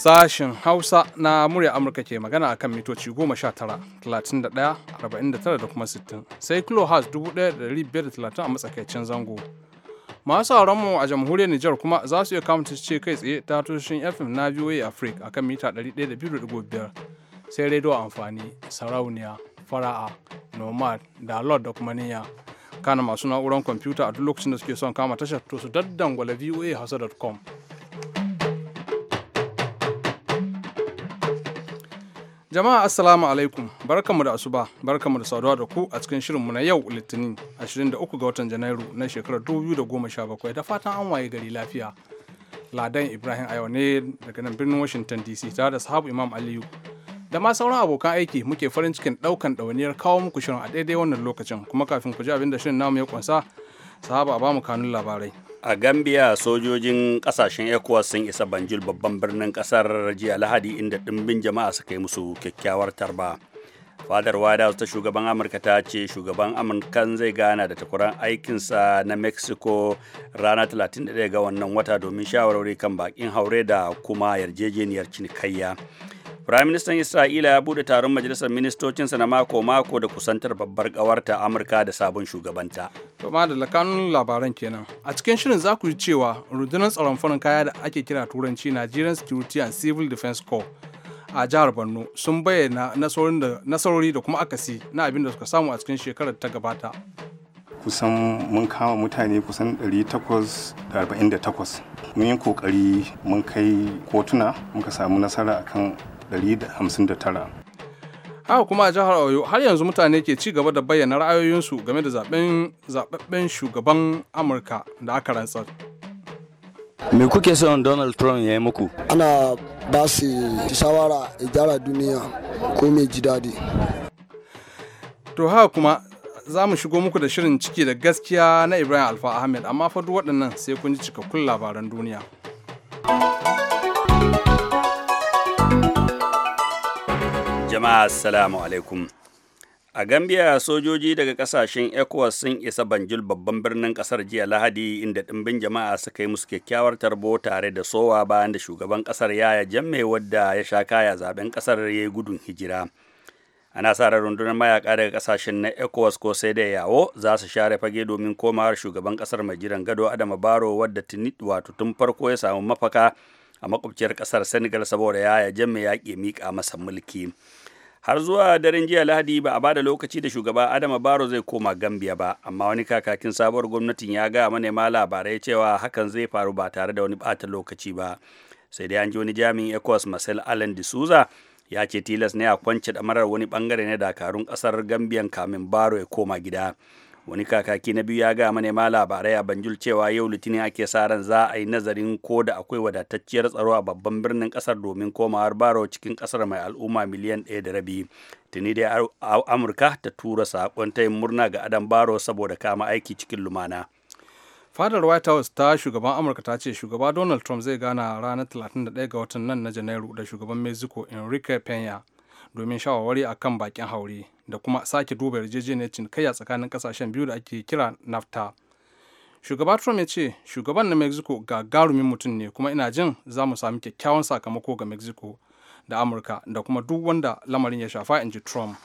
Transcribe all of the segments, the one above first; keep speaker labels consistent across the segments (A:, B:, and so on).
A: Sashen Hausa na murya Amurka ke magana a kan mitoci 19, 31, 49 da kuma 60, sai has 1530 a matsakaicin zango. Masu mu a jamhuriyar Nijar kuma za su iya kamata ce kai tsaye ta tushen FM na VOA Africa akan mita 102.5 sai rediyo amfani, sarauniya, fara'a, nomad, lord da kuma niyya. Kana masu na'urar kwamfuta a duk lokacin da suke son kama tashar to su daddangwala voahausa.com Jama'a Assalamu alaikum, barkanmu da asuba, barkanmu da saduwa da ku a cikin shirinmu na yau Litinin 23 ga watan Janairu na shekarar 2017 da fatan an waye gari lafiya. Ladan Ibrahim a ne daga nan birnin Washington DC tare da sahabu Imam Aliyu. Da ma sauran abokan aiki muke farin cikin ɗaukan ɗawainiyar kawo muku shirin a daidai wannan lokacin kuma kafin ku ji abin da shirin namu ya kunsa Sahaba ba mu kanun labarai.
B: a gambia sojojin kasashen ecowas sun isa banjul babban birnin kasar jiya lahadi inda dimbin jama'a suka yi musu kyakkyawar tarba fadar wada su ta shugaban amurka ta ce shugaban amurkan zai gana da takwaran aikinsa na mexico ranar 31 ga wannan wata domin shawarwari kan bakin haure da kuma yarjejeniyar cinikayya Firaministan Isra'ila ya bude taron majalisar ministocinsa na mako-mako da kusantar babbar kawarta Amurka da sabon
A: shugabanta. To da lakanun labaran kenan. A cikin shirin za ku ji cewa rundunar tsaron farin kaya da ake kira turanci Nigerian Security and Civil Defense Corps a jihar Borno sun bayyana nasarori da kuma akasi na abin da suka samu a cikin shekarar ta gabata.
C: kusan mun kama mutane kusan 848 mun yi kokari mun kai kotuna muka samu nasara akan 159
A: haka kuma a jihar oyo har yanzu mutane ke ci gaba da bayyana ra'ayoyinsu game da zaɓaɓɓen shugaban amurka da aka rantsar
C: me kuke son donald trump ya yi muku
D: ana ba su shawara gyara duniya ko mai ji daɗi
A: to haka kuma za mu shigo muku da shirin ciki da gaskiya na ibrahim alfa ahmed amma fa duk waɗannan sai kun ji cikakkun labaran duniya
B: Jama'a assalamu alaikum. A Gambia sojoji daga kasashen ECOWAS sun isa Banjul babban birnin kasar jiya Lahadi inda ɗimbin jama'a suka yi musu kyakkyawar tarbo tare da sowa bayan da shugaban kasar Yaya Jamme wadda ya sha kaya zaben kasar ya yi gudun hijira. Ana sa ran rundunar mayaka daga kasashen na ECOWAS ko sai da yawo za su share fage domin komawar shugaban kasar mai jiran gado Adama Baro wadda tuni wato tun farko ya samu mafaka a makwabciyar kasar Senegal saboda Yaya Jamme ya ke miƙa masa mulki. har zuwa daren jiya lahadi ba a ba da lokaci da shugaba adama baro zai koma gambia ba amma wani kakakin sabuwar gwamnatin ya ga manema labarai cewa hakan zai faru ba tare da wani bata lokaci ba sai dai an ji wani jami'in ecos marcel allen de souza ya ce tilas ne a kwance damarar wani bangare na dakarun kasar gambiyan kamin baro ya koma gida wani kakaki na biyu ya ga manema labarai a banjul cewa yau litinin ake sa ran za a yi nazarin ko da akwai wadatacciyar tsaro a babban birnin kasar domin komawar baro cikin kasar mai al'umma miliyan ɗaya da rabi tuni dai amurka ta tura saƙon yin murna ga adam baro saboda
A: kama aiki cikin lumana fadar white house ta shugaban amurka ta ce shugaba donald trump zai gana ranar 31 ga watan nan na janairu da shugaban mexico enrique pena domin shawarwari a kan bakin haure da kuma sake duba yarjejeniyar cinikayya tsakanin kasashen biyu da ake kira nafta shugaba trump ya ce shugaban na mexico gagarumin mutum ne kuma ina jin za mu sami kyakkyawan sakamako ga mexico da amurka da kuma duk wanda lamarin ya shafa in ji trump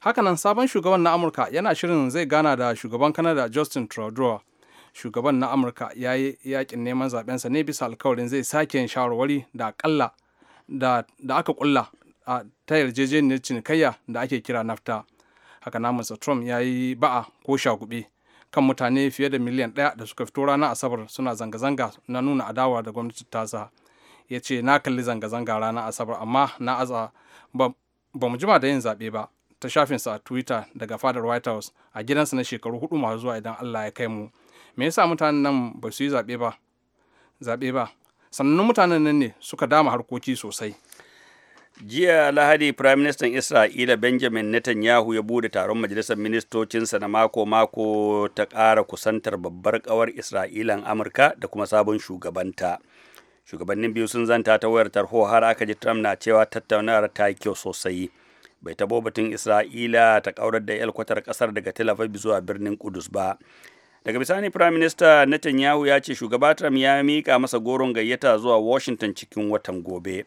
A: hakanan sabon shugaban na amurka yana shirin zai gana da shugaban canada justin trudeau shugaban na amurka ya yi yakin neman zabensa ne bisa alkawarin zai sake yin shawarwari da da aka kulla a ta yarjejeniyar cinikayya da ake kira nafta haka na mr trump ya yi ba'a ko shagube kan mutane fiye da miliyan ɗaya da suka fito ranar asabar suna zanga-zanga na nuna adawa da gwamnati tasa ya ce na kalli zanga-zanga ranar asabar amma na aza ba mu jima da yin zaɓe ba ta shafinsa a twitter daga fadar white house a gidansa na shekaru hudu masu zuwa idan allah ya kai mu me yasa mutanen nan ba su yi zaɓe ba zaɓe mutanen nan ne suka dama harkoki sosai
B: jiya lahadi firaministan isra'ila benjamin netanyahu ya bude taron majalisar ministocinsa na mako-mako ta ƙara kusantar babbar ƙawar isra'ilan amurka da kuma sabon shugabanta shugabannin biyu sun zanta ta wayar tarho har aka ji trump na cewa tattaunawar ta yi kyau sosai bai tabo batun isra'ila ta kaurar da yalkwatar ƙasar daga tel aviv zuwa birnin kudus ba daga bisani prime minister netanyahu ya ce shugaba trump ya mika masa goron gayyata zuwa washington cikin watan gobe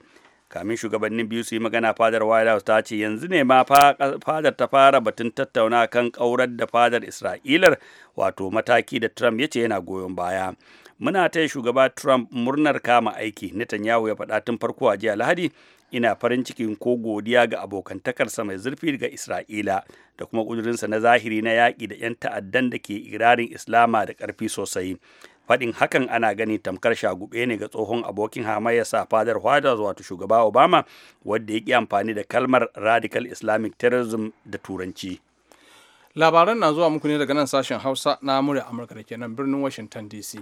B: kamin shugabannin biyu su yi magana fadar white house ta ce yanzu ne ma fadar ta fara batun tattauna kan kaurar da fadar isra'ilar wato mataki da trump ya ce yana goyon baya muna taya shugaba trump murnar kama aiki netanyahu ya faɗa tun farko a jiya lahadi ina farin cikin ko godiya ga abokantakarsa mai zurfi ga isra'ila da kuma ƙudurinsa na zahiri na yaƙi da 'yan ta'addan da ke irarin islama da ƙarfi sosai faɗin hakan ana gani tamkar shagube ne ga tsohon abokin hamayyarsa fadar hadas wato shugaba obama wadda ya ƙi amfani da kalmar radical islamic terrorism da turanci
A: labaran na zuwa muku ne daga nan sashen hausa na murya amurka da kenan birnin washington dc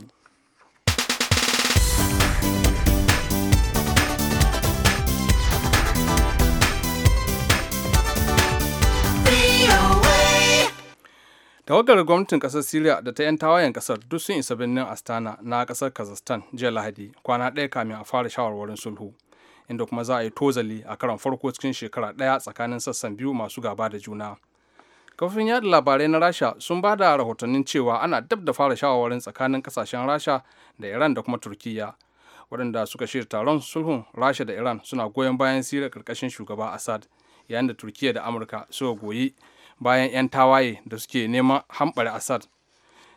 A: tawagar gwamnatin kasar syria da ta 'yan tawayen kasar duk sun isa birnin astana na kasar kazakhstan jiya lahadi kwana ɗaya kamin a fara shawarwarin sulhu inda kuma za a yi tozali a karon farko cikin shekara ɗaya tsakanin sassan biyu masu gaba da juna kafin yada labarai na rasha sun ba da rahotannin cewa ana dab da fara shawarwarin tsakanin kasashen rasha da iran da kuma turkiyya waɗanda suka shirya taron sulhun rasha da iran suna goyon bayan siriya ƙarƙashin shugaba assad yayin da turkiya da amurka suka goyi bayan 'yan tawaye da suke neman hambar assad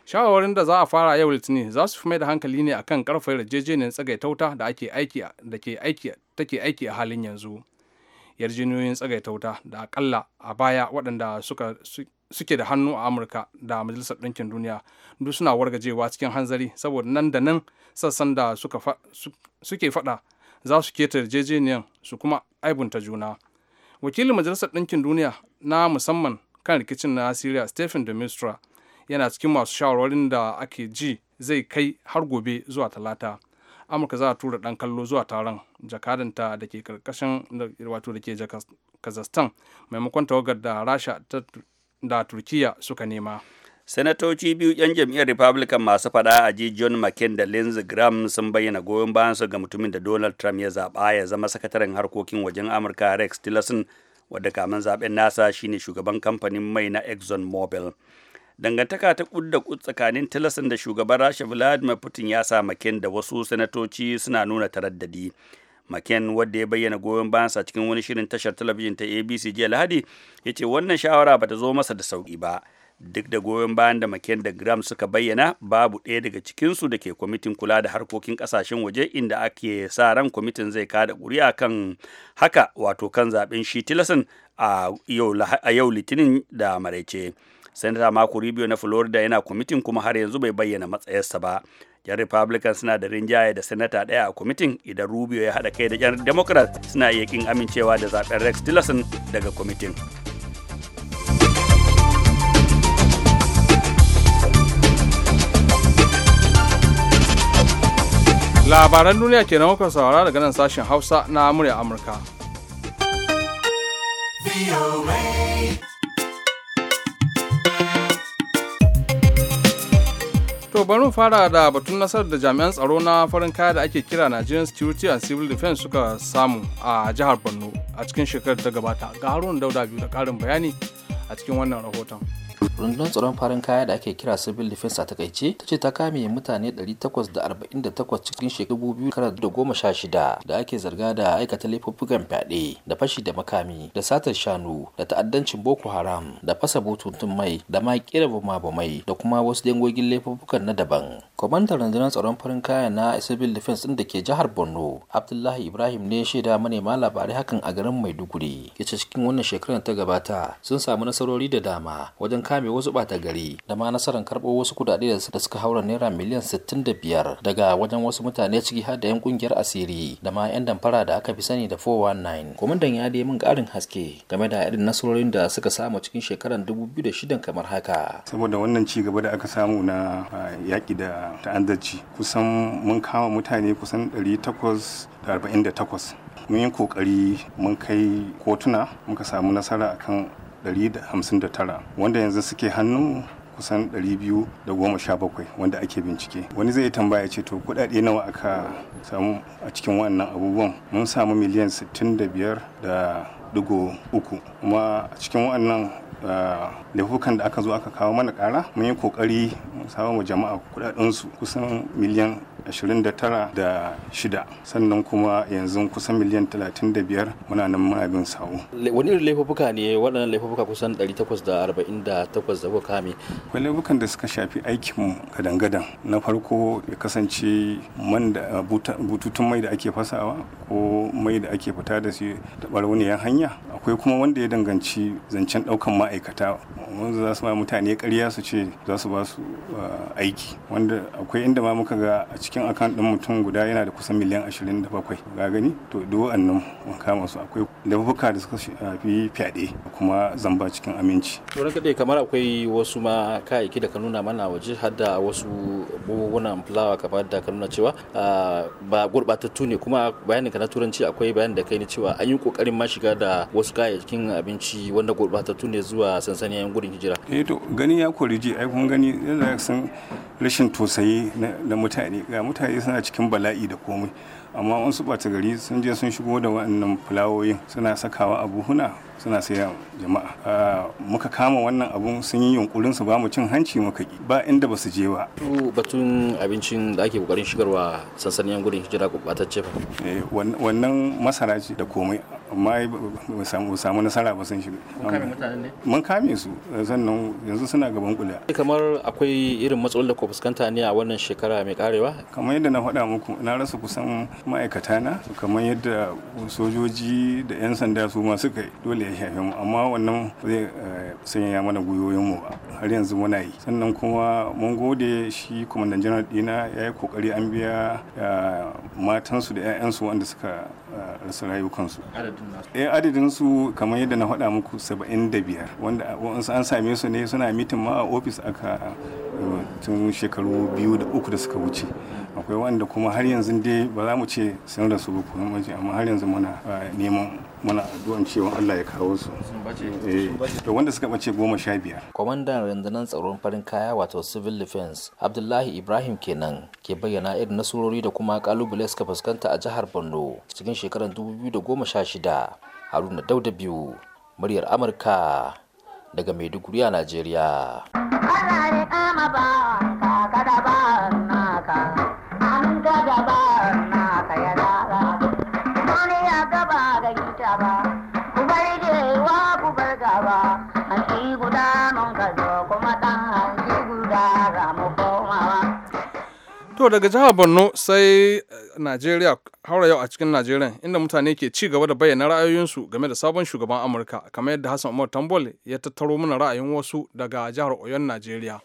A: shawarwarin da za a fara yau litinin za su fi mai da hankali ne akan karfe yarjejeniyar tsagaitauta da ake aiki da ke aiki take aiki a halin yanzu yarjejeniyoyin tsagaitauta da akalla a baya waɗanda suka suke da hannu a amurka da majalisar ɗinkin duniya duk suna wargajewa cikin hanzari saboda nan da nan sassan da suke faɗa za su keta yarjejeniyar su kuma aibunta juna wakilin majalisar ɗinkin duniya na musamman kan rikicin na syria stephen de yana cikin masu shawarwarin da ake ji zai kai har gobe zuwa talata amurka za a tura dan kallo zuwa taron jakadanta da ke karkashin wato da ke kazakhstan maimakon tawagar da rasha da turkiya suka nema
B: sanatoci biyu 'yan jam'iyyar republican masu fada a ji john mccain da lindsey graham sun bayyana goyon bayansu ga mutumin da donald trump ya zaɓa ya zama sakataren harkokin wajen amurka rex tillerson wadda kamun zaben nasa shine shugaban kamfanin mai na exxon mobil dangantaka ta kudda kud tsakanin tilasin da shugaban rasha vladimir putin ya sa maken da wasu sanatoci suna nuna taraddadi maken wadda ya bayyana goyon bayansa cikin wani shirin tashar talabijin ta abc jiya lahadi ya ce wannan shawara bata zo masa da sauki ba duk da goyon bayan da McCain da Graham suka bayyana babu ɗaya daga cikinsu da ke kwamitin kula da harkokin ƙasashen waje inda ake sa ran kwamitin zai kada ƙuri'a kan haka wato kan zaɓen shi tilasan a yau litinin da maraice. Senator Marco Rubio na Florida yana kwamitin kuma har yanzu bai bayyana matsayarsa ba. 'yan republican suna da rinjaye da sanata ɗaya a kwamitin idan rubio ya haɗa kai da 'yan democrat suna iya kin amincewa da zaɓen rex tillerson daga kwamitin
A: labaran duniya ke na muka saurara daga nan sashen hausa na murya amurka to bari fara da batun nasarar da jami'an tsaro na farin kaya da ake kira nigerian security and civil defense suka samu a jihar borno a cikin shekarar ta gabata ga haruna dauda biyu da karin bayani a cikin wannan rahoton
E: rundunar tsaron farin kaya da ake kira civil defense a takaice ta ce ta kame mutane 848 cikin shekaru shida da ake zarga da aikata laifuffukan fyaɗe da fashi da makami da satar shanu da ta'addancin boko haram da fasa bututun mai da ma kira bumabumai da kuma wasu dangogin laifuffukan na daban kwamantar rundunar tsaron farin kaya na civil defense ɗin da ke jihar borno abdullahi ibrahim ne shaida manema labarai hakan a garin maiduguri ya ce cikin wannan shekarar ta gabata sun samu nasarori da dama wajen kare kame wasu bata gari da ma nasarar karbo wasu kudade da suka haura naira miliyan 65 daga wajen wasu mutane ciki har da 'yan kungiyar asiri da ma 'yan damfara da aka fi sani da 419 kwamandan ya dai mun karin haske
C: game da irin nasarorin da suka samu cikin shekarar 2006 kamar haka saboda wannan ci gaba da aka samu na yaki da ta'addanci kusan mun kama mutane kusan 848 mun yi kokari mun kai kotuna muka samu nasara akan 159 wanda yanzu suke hannu kusan 217 wanda ake bincike wani zai tambaya ce to kudade nawa aka samu a cikin wannan abubuwan mun samu miliyan 65 da digo uku kuma a cikin wannan laifukan da aka zo aka kawo mana kara mun yi kokari mu wa jama'a kudaden su kusan miliyan 29 da shida sannan kuma yanzu kusan miliyan 35 muna nan muna bin sawu wani irin laifuka ne waɗannan laifuka kusan 848 da kuka kame akwai laifukan da suka shafi aikin gadan-gadan na farko ya kasance man da bututun mai da ake fasawa ko mai da ake fita da su ta hanya akwai kuma wanda ya danganci zancen daukan ma'aikata wanda za su ma mutane ƙarya su ce za su ba su ah, aiki wanda akwai inda ma muka ga a cikin akan ɗin mutum guda yana da kusan miliyan 27 ga gani to duwa annan mun kama su akwai laifuka da suka fi fyaɗe kuma zamba cikin aminci.
E: wani kaɗai kamar akwai wasu ma kayayyaki da ka nuna mana waje har da wasu buhunan fulawa kamar da ka nuna cewa ah, ba gurɓatattu ne kuma bayanin ka na turanci akwai bayanin da kai ne cewa an yi ƙoƙarin ma shiga da wasu cikin abinci wanda gurbatattu ne zuwa sansaniyan yan gudun hijira
C: eh to gani ya kori ai kun gani yanzu san rashin tosayi na mutane ga mutane suna cikin bala'i da komai amma wasu bata gari sun je sun shigo da wannan fulawoyin suna sakawa a buhuna suna saya jama'a ah, muka kama wannan abun sun yi yunkurin su ba mu cin hanci muka ki ba inda ba su je ba batun abincin da ake kokarin shigarwa sansaniyan gudun hijira gurbatacce ba eh, wannan masara ce da komai amma ba samu nasara ba sun shiga mun kame su sannan yanzu suna gaban kula kamar
E: akwai irin matsalolin da ku fuskanta ne a wannan shekara mai karewa kamar yadda na faɗa muku na rasa
C: kusan ma'aikata na kamar yadda sojoji da 'yan sanda su ma suka yi dole ya shafe mu amma wannan zai eh, sanya mana gwiwoyin mu ba har yanzu muna yi sannan kuma mun gode shi kwamandan janar dina ya yi kokari an biya eh, matansu da 'ya'yansu wanda suka eh, rasa rayukansu eh adadin su kamar yadda na faɗa muku 75 wanda wa'ansu an same su ne suna mitin ma a ofis aka eh, tun shekaru biyu da uku da suka wuce akwai wanda kuma har yanzu dai ba za mu ce sun rasu ba kuma amma har yanzu muna eh, neman muna addu'an cewa Allah ya kawo su da eh, wanda suka bace goma sha biyar. Kwamandan rundunar tsaron farin kaya
E: wato civil defense Abdullahi Ibrahim kenan ke bayyana irin nasarori da kuma kalubale suka fuskanta a jihar Borno cikin shekarar 2016 Haruna Dauda biyu muryar Amurka daga Maiduguri a Najeriya.
A: To daga jihar Borno sai eh, Najeriya haura yau a cikin Najeriya inda mutane ke ci gaba da bayyana ra'ayoyinsu game da sabon shugaban Amurka kamar yadda Hassan Umar Tambol ya tattaro mana ra'ayin wasu daga jihar Oyon Najeriya.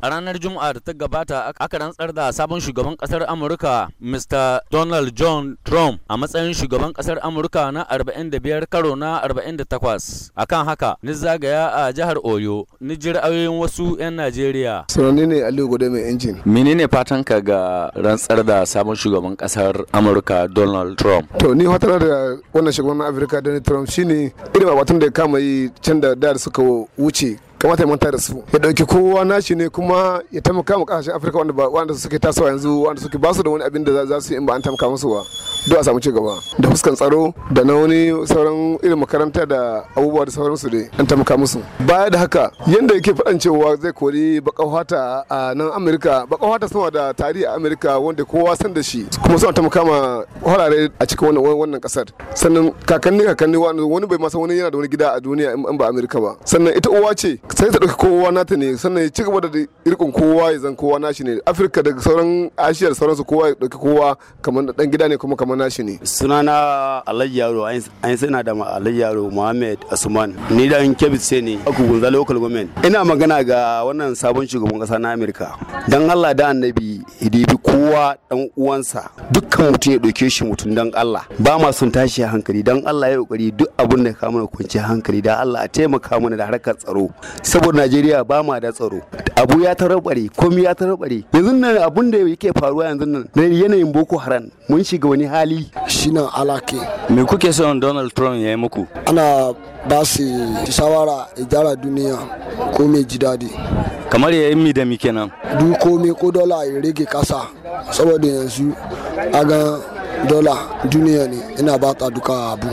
A: A ranar Juma'a da ta gabata aka rantsar da sabon shugaban kasar Amurka Mr.
E: Donald John Trump a matsayin shugaban kasar Amurka na 45 karo na 48. Akan haka, ni zagaya a jihar Oyo, ni jira'ayoyin wasu 'yan Najeriya.
D: Sananne ne Aliyu Gode mai injin. Menene fatan ka ga rantsar da sabon shugaban kasar
E: Amurka Donald Trump?
D: To ni hotar da wannan shugaban Afirka Donald Trump shine irin abatun da ya kama yi can da da suka wuce kamata ya manta da su ya dauki kowa nashi ne kuma ya taimaka mu kasashen afirka wanda ba wanda suke tasowa yanzu wanda suke basu da wani abin da za su yi in ba an taimaka musu ba don a samu ci gaba da fuskan tsaro da na wani sauran irin makaranta da abubuwa da sauran su ne an taimaka musu baya da haka yanda yake fadan cewa zai kori bakan fata a nan amurka bakan fata sama da tarihi a amurka wanda kowa san da shi kuma suna taimaka ma horare a cikin wannan wannan kasar sannan kakanni kakanni wani bai ma wani yana da wani gida a duniya in ba amurka ba sannan ita uwa ce sai ta ɗauki kowa na ta ne sannan ya ci gaba da irkun kowa ya zan kowa nashi ne afirka da sauran ashiya da sauransu kowa ya ɗauki kowa kamar ɗan gida ne kuma kamar nashi ne sunana alhaji yaro an sana da alhaji yaro muhammad asuman ni da kebis ce ne aku gunza local government ina magana ga wannan sabon shugaban ƙasa na amurka dan allah da annabi hidibi kowa dan uwansa dukkan mutum ya ɗauke shi mutum dan allah ba ma sun tashi hankali dan allah ya yi ƙoƙari duk abin da ka mana kwanciyar hankali da allah a taimaka mana da harkar tsaro saboda najeriya ba ma da tsaro abu ya tarabare komai ya tarabare yanzu nan abun da yake faruwa yanzu nan yanayin boko haram mun shiga wani hali shinan alake
C: me kuke son donald trump ya yi muku ana
D: ba su shawara gyara duniya ko mai ji daɗi
C: kamar ya yi mi da mi kenan
D: duk komai ko dola ya rage kasa saboda yanzu a ga dola duniya ne ina baka duka abu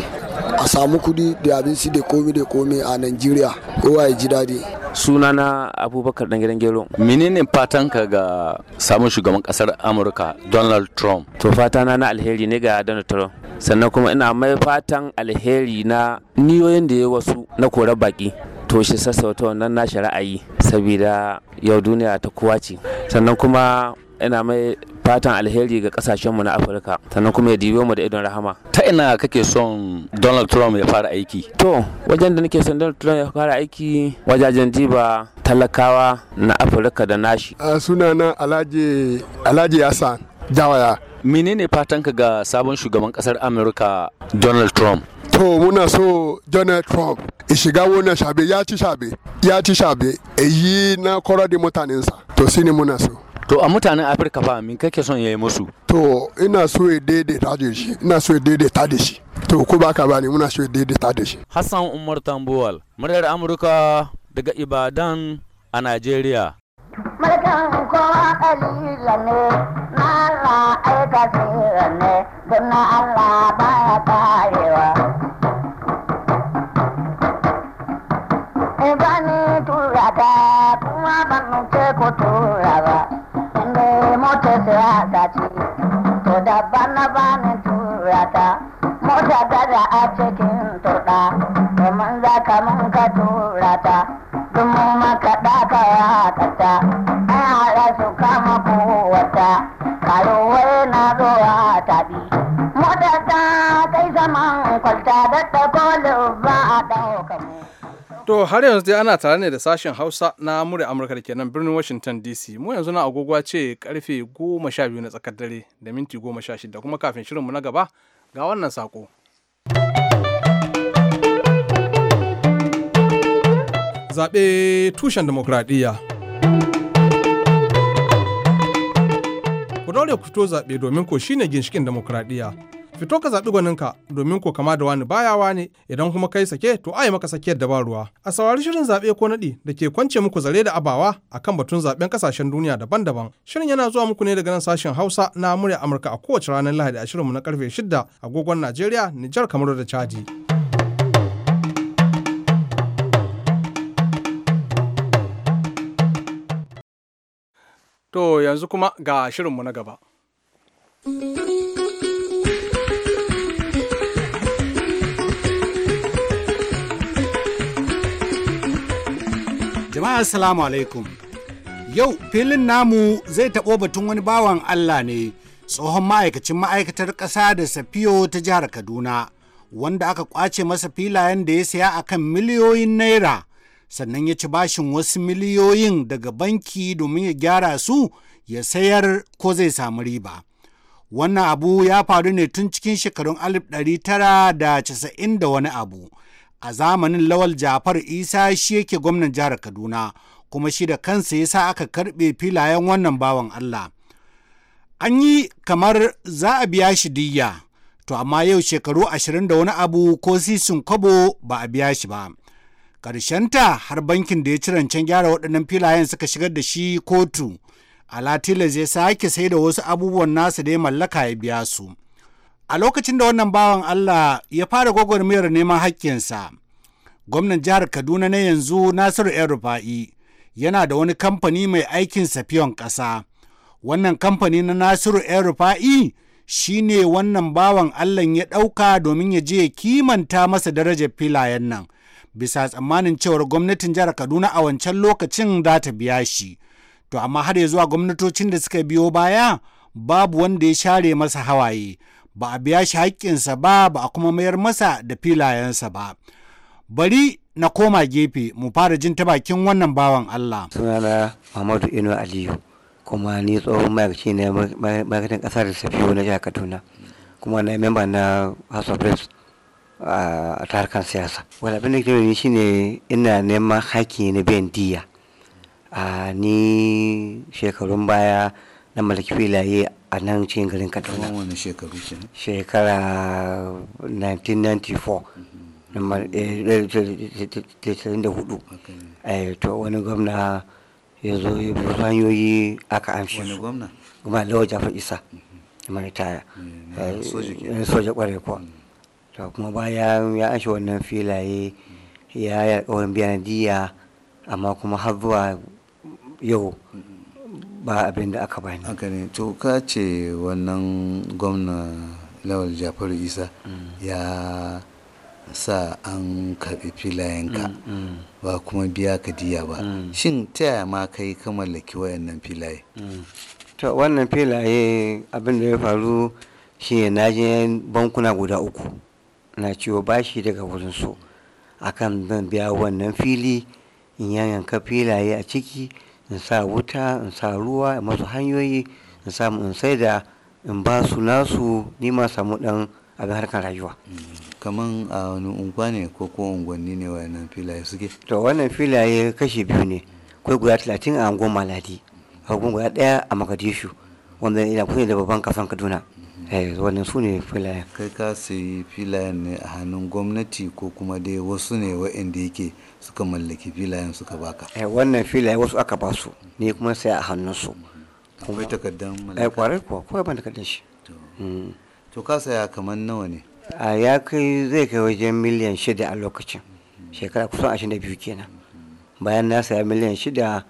D: a samu kudi da abinci da komi da komi a nigeria kowa ya ji daɗi
E: sunana abubakar dan gidan gero menene fatan ka ga samun shugaban kasar amurka donald trump to fata na alheri ne ga donald trump sannan kuma ina mai fatan alheri na niyoyin da ya wasu na korar baki to shi wata wannan na ra'ayi saboda yau duniya ta kowace. ce sannan kuma ina mai fatan alheri ga kasashen mu na Afirka sannan kuma ya dibe mu da idon rahama ta ina kake son Donald Trump ya fara aiki to wajen da nake son Donald Trump ya fara aiki wajajen diba talakawa na Afirka da nashi
D: a sunana Alhaji Alhaji Hassan Jawaya menene
E: fatanka ga sabon shugaban kasar Amurka
F: Donald Trump
D: to muna so Donald Trump shiga wannan shabe ya ci shabe ya ci shabe yi na kora da mutanensa to shine muna so to a mutanen afirka fa min kake son yayi musu to ina so ya daidaita da shi ina so ya daidaita da shi to ko ba ka bani muna so ya daidaita da shi hassan
E: umar tambuwal muryar amurka daga ibadan a najeriya
G: mulkin kowa kalila ne na Allah aika sirra
E: ne don na Allah baya karewa
G: ibani tura ta kuma ban nuke ko tura ba ne mota siyasa ce to bana
E: na bani turata mota da a cikin turɗa domin za ka mun ka turata dumu maka ɗaka ya kata an haɗa su kama kowata wai na zuwa tabi mota ta kai zaman kwalta da ta kolin ba a
D: ɗauka mu
A: To har yanzu dai ana tare ne da sashen Hausa na murya Amurka da kenan birnin Washington DC. Mu yanzu na agogwa ce karfe goma sha biyu na tsakar dare da minti goma sha shida kuma kafin shirin shirinmu na gaba ga wannan sako. Zaɓe tushen demokradiyya. Ku daure ku fito zaɓe domin ko shine ginshikin demokradiyya. fito ka zaɓi gwanin ka domin ko kama da wani baya wane idan kuma kai sake to ai maka sakiyar da ruwa a saurari shirin zaɓe ko naɗi da ke kwance muku zare da abawa akan batun zaɓen ƙasashen duniya daban-daban shirin yana zuwa muku ne daga nan sashen hausa na murya amurka a kowace ranar lahadi a shirinmu na karfe shida agogon najeriya nijar kamar da chadi. To yanzu kuma ga shirinmu na gaba.
F: Jama'a assalamu alaikum. Yau filin namu zai taɓo batun wani bawan Allah ne tsohon ma'aikacin ma'aikatar ƙasa da Safiyo ta jihar Kaduna wanda aka ƙwace masa filayen da ya saya akan miliyoyin naira sannan ya ci bashin wasu miliyoyin daga banki domin ya gyara su ya sayar ko zai samu riba. Wannan abu ya faru ne tun cikin shekarun 1990 da wani abu. a zamanin lawal jafar isa shi yake gwamnan jihar kaduna kuma shi da kansa yasa aka karɓe filayen wannan bawan allah an yi kamar za a biya shi diyya to amma yau shekaru ashirin da wani abu ko sisin kwabo ba a biya shi ba ta har bankin da ya ci rancen gyara waɗannan filayen suka shigar da shi kotu alatila zai sake sai da wasu abubuwan nasa da ya mallaka ya biya su a lokacin da wannan bawan Allah ya fara gwagwarmayar neman hakkinsa gwamnan jihar Kaduna na yanzu Nasiru ‘yan rufa'i yana da wani kamfani mai aikin safiyon ƙasa wannan kamfani na Nasiru ‘yan rufa'i shi ne wannan bawan Allah ya ɗauka domin ya je ya kimanta masa darajar filayen nan bisa tsammanin cewar gwamnatin jihar Kaduna a wancan lokacin za ta biya shi to amma har ya zuwa gwamnatocin da suka biyo baya babu wanda ya share masa hawaye ba a biya shi haƙƙinsa ba ba a kuma mayar masa da filayensa ba bari na koma gefe mu fara jin ta bakin wannan bawan Allah
G: sunana Muhammadu Inu Aliyu kuma ni tsohon ma'aikaci ne ma'aikatan ƙasar da safiyo na jihar Kaduna kuma na memba na House of Reps a tarkan siyasa wani abin da ke ne shine ina neman haƙƙi na biyan a ni shekarun baya na mulki filaye a nan cikin garin kaduna wani shekaru shekara 1994 94 to wani gwamna ya zo ya bi hanyoyi aka amshi wani gwamna kuma lawa jafar isa mm-hmm. mai taya eh, eh, soja kwarai eh, kuwa mm. to kuma bayan ya amshi wannan filaye ya yi alkawarin biyan diya amma kuma har zuwa yau mm-hmm.
H: ba abin da aka bani Aka ne to ka ce wannan gwamna lawal jafaru isa mm. ya sa an karɓi ka. Mm, mm. ba kuma biya ka diya ba shin ta yaya ma kai ka mallaki wayannan filaye
G: to wannan filaye abin da ya faru shi na je bankuna guda uku na ciwo bashi daga wurin su akan zan biya wannan fili in yanka filaye a ciki in sa wuta in sa ruwa in masu hanyoyi in samu in sai da in ba su nasu nima samu dan abin harkar rayuwa kaman a wani unguwa ne ko ko unguwanni ne wannan filaye suke to wannan filaye kashi biyu ne akwai guda talatin a unguwar maladi akwai guda daya a makadishu wanda ina kusa da babban kasan kaduna Eh, wannan
H: su ne filayen kai ka sayi filayen ne a hannun gwamnati ko kuma dai wasu ne wa'inda yake suka mallaki filayen suka baka eh wannan filayen wasu aka ba su ne kuma
G: sai a hannunsu akwai takardar mallaka eh kwarai kuwa kawai ban kaddan shi mm. to ka saya kamar nawa ne a ya kai zai kai wajen miliyan shida a lokacin shekara kusan ashirin da biyu kenan bayan na saya miliyan shida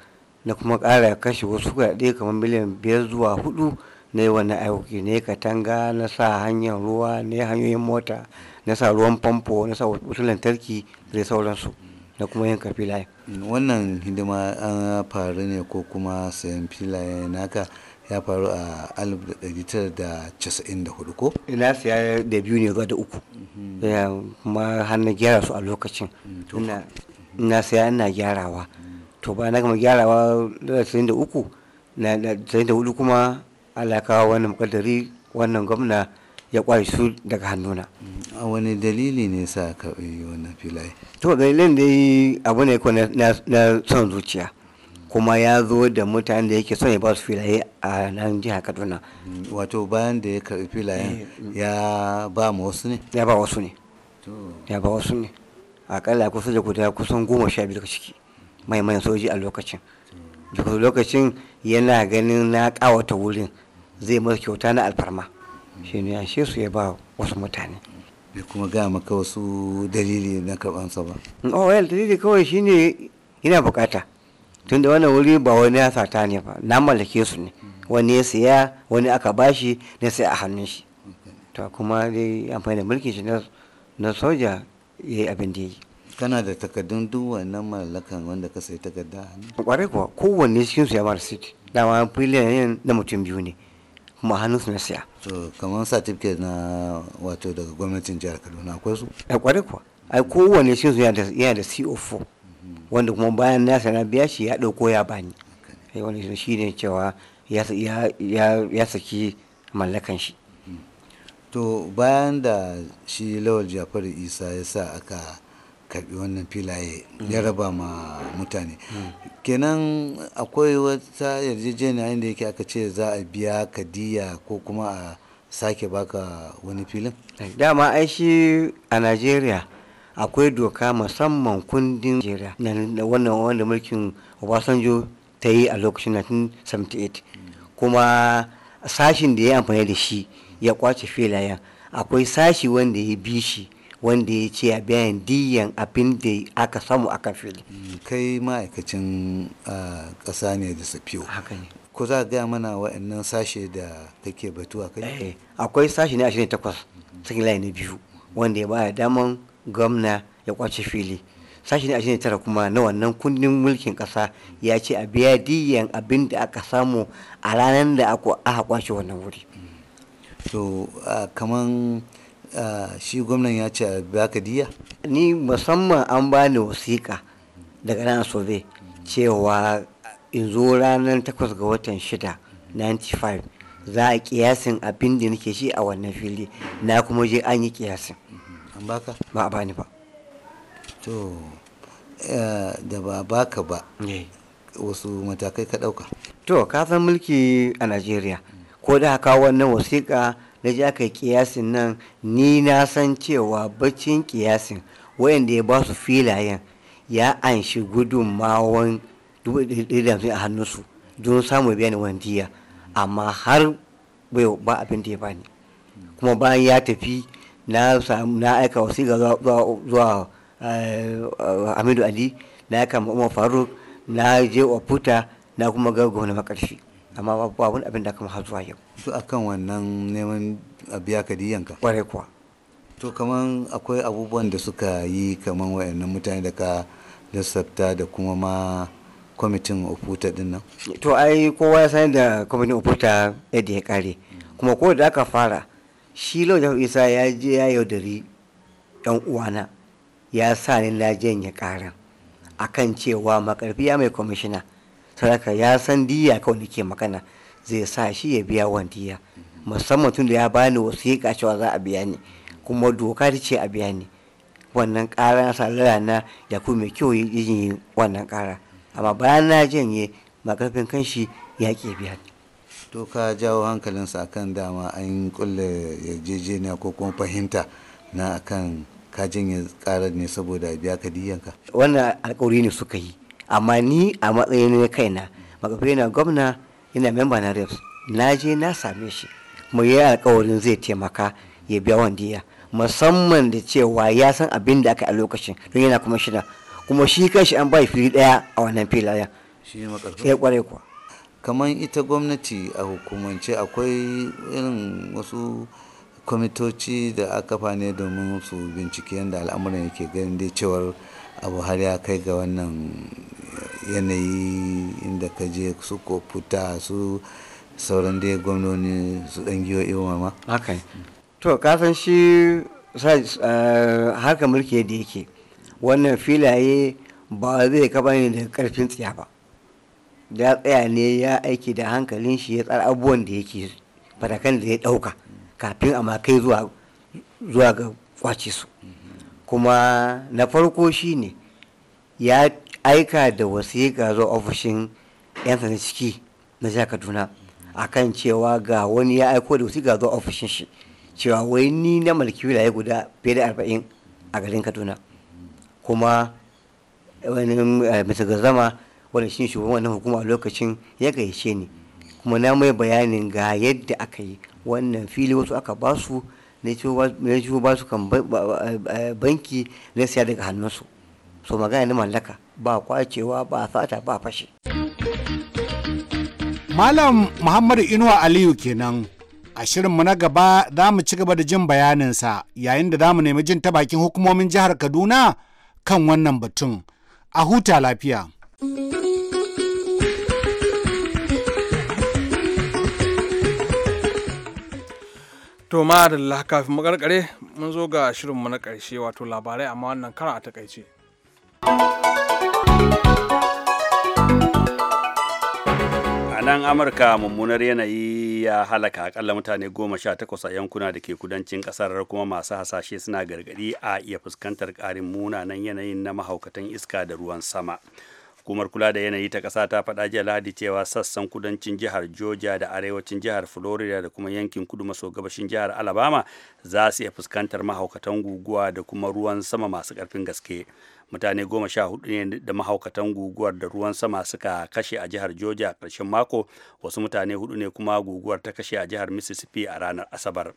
G: na kuma ƙara kashe wasu kuɗaɗe kamar miliyan biyar zuwa hudu na yi wani aiki ne katanga na sa hanyar ruwa ne hanyoyin mota na sa ruwan famfo na sa wutar lantarki da
H: sauransu na kuma yin filayen. wannan hidima an faru ne ko kuma sayan filaye naka ya faru a 1994 ko? ina siya da biyu ne zuwa da uku mhm. kuma hannun gyara su a lokacin
G: mm, ina siya ina gyarawa mm. to ba na gama gyarawa da 93 94 kuma Allah ya kawo wannan kadari wannan gwamna
H: ya kwashe su daga hannuna. A wani dalili ne sa ka yi wannan filaye?
G: To dalilin da yi abu ne na son zuciya. kuma ya zo da mutanen da yake son ya ba su filaye a nan jiha kaduna wato bayan da ya karbi filayen eh. ya ba mu wasu ne ya ba wasu ne ya ba wasu ne akalla kusa da guda kusan goma sha biyu ciki mai mai soji a lokacin lokacin yana ganin na kawata wurin zai masa kyauta na alfarma shi ne
H: ashe su ya ba wasu mutane bai kuma gaya maka wasu dalili na karbansa ba
G: mm, oh well dalili kawai shine yana bukata tunda wannan wuri ba wani ya sata ne ba na mallake su ne wani ya siya wani aka bashi na sai a hannun shi to kuma dai amfani da mulkin shi na soja ya yi abin da ya yi
H: kana da takardun duk wannan mallakan wanda ka sai takarda
G: kwarai kuwa kowanne cikin su ya ba
H: receipt dama filiyan yin da mutum biyu ne kuma hannun su na siya to kamar certificate na wato daga gwamnatin jihar kaduna akwai su a eh, kwarai kuwa ai kowanne cikin su yana
G: da co4 mhm. wanda kuma bayan nasa na biya shi ya dauko ya bani sai eh, wani
H: shi ne cewa ya saki mallakan shi hmm. to bayan da shi lawal jafar isa ya sa aka karbi wannan filaye ya mm. raba ma mutane mm. kenan akwai wata yarjejeniya inda yake aka ce za a biya kadiya ko kuma a sake baka wani filin
G: eh, dama ai shi a najeriya akwai doka musamman kundin najeriya na wannan wanda mulkin obasanjo ta yi a lokacin 1978 mm. kuma sashin da ya amfani da shi ya kwace filayen akwai sashi wanda ya bi shi wanda ya ce a biyan diyan abin
H: da aka samu akan fili mm, kai ma'aikacin ƙasa ne da safiyo ko za gaya mana wa'annan sashe da kake batu a kai eh, akwai sashe
G: na takwas cikin layi na biyu wanda ya baya daman gwamna ya kwace fili sashi na tara kuma na wannan kundin mulkin kasa ya ce a biya diyan abin da aka samu a ranar da aka kwace wannan wuri mm. to kaman shi gwamnan ya ce baka diya ni musamman an bani wasiƙa daga nan sobe cewa in zo ranar 8 ga watan 6 95 za a kiyasin abin da nake shi a wannan
H: fili na kuma je an yi kiyasin mm-hmm. an baka ba a bani ba to da ba baka ba wasu matakai ka dauka
G: to kasan mulki a najeriya ko da haka wannan wasiƙa na ji aka yi kiyasin nan ni na san cewa baccin kiyasin wayanda ya ba su filayen ya anshi gudunmawan a hannunsu don samun biyan wandiya amma har ba abin da ya bani kuma bayan ya tafi na aika ga zuwa hamidu eh, ali na aika faruk na je wa puta na kuma ga gwamna
H: makarshi amma ba wani abin da kama har zuwa yau su akan wannan neman biya ka diyanka kwarai kuwa to kaman akwai abubuwan da suka yi kaman wayannan mutane da ka lissafta da kuma ma kwamitin ofuta din nan to
G: ai kowa ya sani da kwamitin ofuta yadda ya kare kuma ko da aka fara shi lauda isa ya je ya yaudari yan uwana ya sa ni lajiyan ya karan akan cewa makarfi mai kwamishina sadaka ya san diya kawai nake magana zai sa shi ya biya wa diya musamman tun da ya bani ya cewa za a biya ni kuma doka ta ce a biya ni wannan ƙara na salara na ya ku mai kyau ya yi wannan kara amma bayan na janye makarfin shi ya ke biya ni.
H: to ka jawo hankalinsa kan dama an kulle yarjejeniya ko kuma fahimta na akan ka janye ƙarar ne saboda biya ka diyanka.
G: wannan alƙawari ne suka yi amma ni a matsayin na kaina makafi na gwamna yana memba na reps na je na same shi mu yi alkawarin zai taimaka ya biya wandiya musamman da cewa ya san abin da aka a lokacin don yana kuma
H: shida kuma shi shi an bai fili daya a wannan filayen shi ya kware eh, kuwa kamar ita gwamnati a hukumance akwai irin wasu kwamitoci da aka ne domin su bincike yadda al'amuran yake ganin dai cewar abu har ya kai ga wannan yanayi inda ka je su kofuta su sauran dai gwamnoni su dan giyo
G: okay. to kasan shi haka mulki da yake wannan filaye ba zai kaba ne da karfin tsiya ba da ya tsaya ne ya aiki da hankalin shi ya tsara abubuwan da yake fadakan da ya dauka kafin a kai zuwa ga kwace su kuma na farko shine ya aika da wasiƙa zuwa ofishin 'yan sanda ciki na jihar kaduna akan cewa ga wani ya aiko da wasiƙa zuwa ofishin shi cewa wai ni na mulki ya guda fiye da arba'in a garin kaduna kuma wani mr eh, zama wani shi shugaban wannan hukuma a lokacin ya gaishe ni kuma na mai bayanin ga yadda aka yi wannan fili wasu aka basu na ciwo ba su kan eh, banki na siya daga hannunsu so magana ni mallaka ba kwacewa ba sata ba fashe
F: malam muhammadu inuwa aliyu kenan a shirin mu na gaba za mu ci gaba da jin bayanin sa yayin da za mu nemi jin ta bakin hukumomin jihar kaduna kan wannan batun a huta lafiya
A: to ma da kafin makarkare mun zo ga shirinmu na karshe wato labarai amma wannan kara a takaice
B: a nan amurka mummunar yanayi ya halaka akalla mutane goma sha takwas a yankuna da ke kudancin kasar kuma masu hasashe suna gargadi a iya fuskantar karin munanan yanayin na mahaukatan iska da ruwan sama hukumar kula da yanayi ta ƙasa ta faɗa jiya lahadi cewa sassan kudancin jihar georgia da arewacin jihar florida da kuma yankin kudu maso gabashin jihar alabama za su iya fuskantar mahaukatan guguwa da kuma ruwan sama masu ƙarfin gaske mutane goma sha hudu ne da mahaukatan guguwar da ruwan sama suka kashe a jihar georgia a ƙarshen mako wasu mutane hudu ne kuma guguwar ta kashe a jihar mississippi a ranar asabar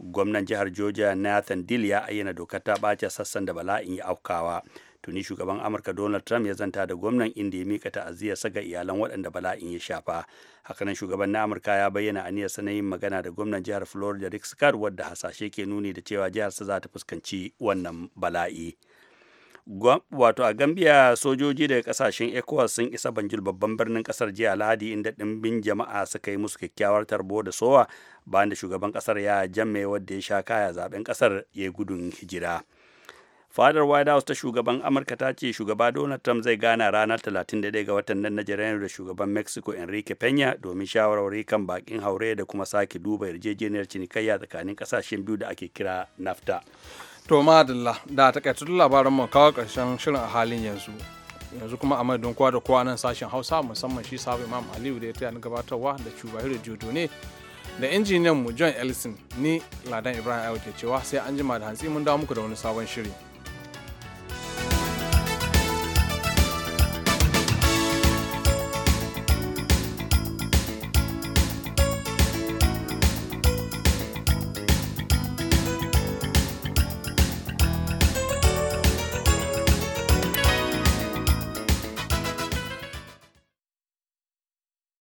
B: gwamnan jihar georgia nathan dill ya ayyana dokar ta ɓace sassan da bala'in ya aukawa tuni shugaban amurka donald trump ya zanta da gwamnan inda ya mika ta'aziyarsa ga iyalan waɗanda bala'in ya shafa hakanan shugaban na amurka ya bayyana aniyar sanayin magana da gwamnan jihar florida rick scott wadda hasashe ke nuni da cewa jiharsa za ta fuskanci wannan bala'i wato a gambia sojoji daga kasashen ecowas sun isa banjul babban birnin kasar jiya lahadi inda ɗimbin jama'a suka yi musu kyakkyawar tarbo da sowa bayan da shugaban kasar ya jamme wadda ya sha kaya zaben kasar ya gudun hijira fadar white house ta shugaban amurka ta ce shugaba donald trump zai gana ranar 31 ga watan nan na janairu da shugaban mexico enrique peña domin shawarwari kan bakin haure da kuma sake duba yarjejeniyar cinikayya tsakanin kasashen
A: biyu da ake kira nafta to madalla da takaitattun labaran mu kawo karshen shirin a halin yanzu yanzu kuma a madadin kowa da kowa nan sashen hausa musamman shi sabu imam aliyu da ya taya ni gabatarwa da cubahiru jodo ne da injiniyan mu john ellison ni ladan ibrahim ayo ke cewa sai an jima da hantsi mun dawo muku da wani sabon shiri